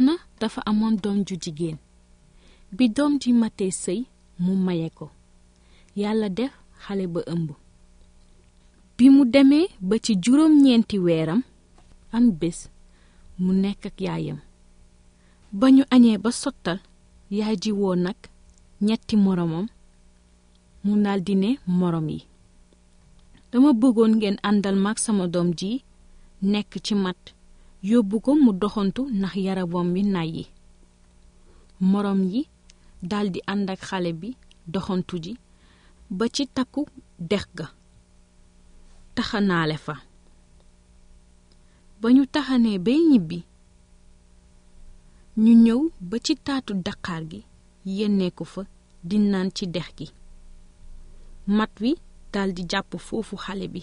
na dafa amoon doom ju jigéen bi doom ji matee sëy mu maye ko yàlla def xale ba ëmb bi mu demee ba ci juróom-ñeenti weeram am bés mu nekk ak yaayam ba ñu añee ba sottal yaay ji woo nag ñetti moroomam mu daldi ne moroom yi dama bëggoon ngeen àndal mag sama doom ji nekk ci mat yóbbu ko mu doxantu ndax yaramam bi nàyyi moroom yi daldi ànd ak xale bi doxantu ji ba ci takku dex ga taxanaale fa ba ñu taxanee bay ñibbi ñu ñëw ba ci taatu daqaar gi yennee ko fa di naan ci dex gi mat wi daldi jàpp foofu xale bi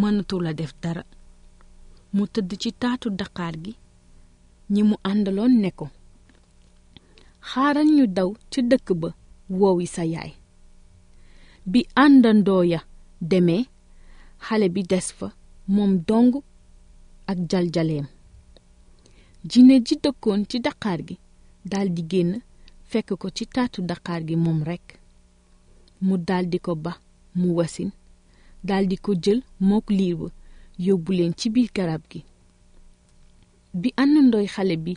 mënatul a def dara mu tëdd ci taatu daqaar gi ñi mu àndaloon ne ko xaaral ñu daw ca dëkk ba woowi sa yaay bi àndandoo ya demee xale bi des fa moom dong ak jaljaleem jine ji dëkkoon ci daqaar gi daldi génn fekk ko ci taatu daqaar gi moom rekk mu daldi ko ba mu wasin daldi ko jël mook liir ba yóbbu leen ci biir garab gi bi àndandooy xale bi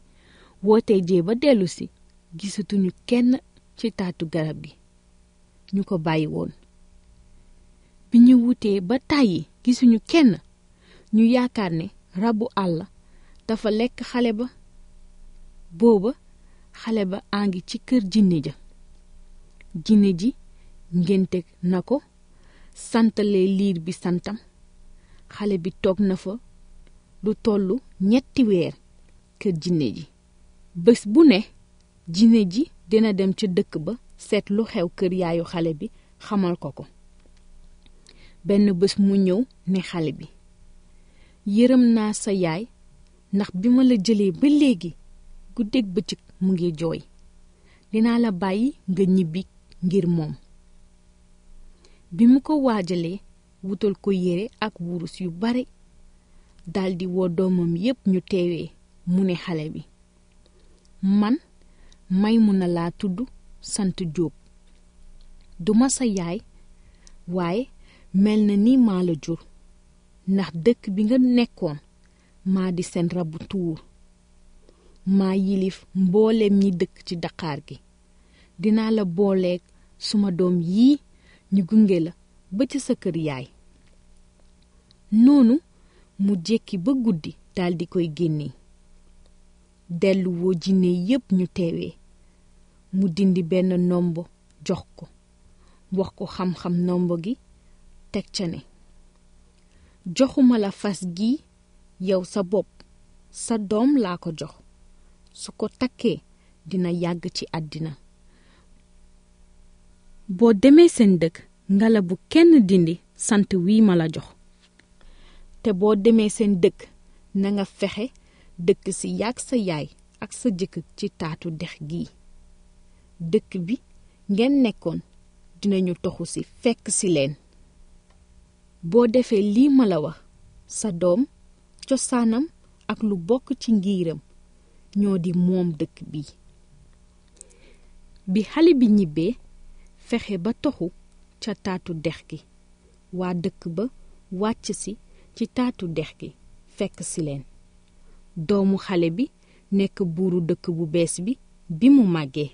wootee jee ba dellusi gisatuñu kenn ci taatu garab gi ñu ko bàyyi woon bi ñu wutee ba tàyyi gisuñu kenn ñu yaakaar ne rabu àll dafa lekk xale ba booba xale ba ngi ci kër jinne ja jinne ji ngénte na ko santale liir bi santam xale bi toog na fa lu tollu ñetti weer kër jinne ji bés bu ne jinne ji dina dem ca dëkk ba seet lu xew kër yaayu xale bi xamal ko ko benn bés mu ñëw ne xale bi yërëm naa sa yaay ndax bi ma la jëlee ba léegi guddeeg bëccëg mu ngi jooy dinaa la bàyyi nga ñibbi ngir moom bi mu ko waajalee wutal ko yére ak wurus yu bare daldi woo doomam yépp ñu teewe mu ni xale bi man Maymuna laa tudd sant Jóob duma sa yaay waaye mel na ni maa la jur ndax dëkk bi nga nekkoon maa di seen rabu tuur maa yilif mbooleem ñi dëkk ci daqaar gi dina la booleeg suma doom yii ñu gunge la ba sa kër yaay noonu mu jekki ba guddi daldi koy génne dellu woo jinne yépp ñu teewe mu dindi benn nombo jox ko wax ko xam-xam nombo gi teg ca ne joxuma la fas gi yow sa bopp sa doom laa ko jox su ko takkee dina yàgg ci àddina boo demee seen dëkk ngala kenn dindi sant wii ma la jox te boo demee seen dëkk na nga fexe dëkk ci yàgg sa yaay ak sa jëkk ci taatu dex gi dëkk bi ngeen nekkoon dinañu toxu ci fekk si leen boo defee lii ma la wax sa doom cosaanam ak lu bokk ci ngiiram ñoo di moom dëkk bi bi xale bi ñibbee fexe ba toxu ca taatu dex gi waa dëkk ba wàcc si ci taatu dex gi fekk si leen doomu xale bi nekk buuru dëkk bu bees bi bi mu màggee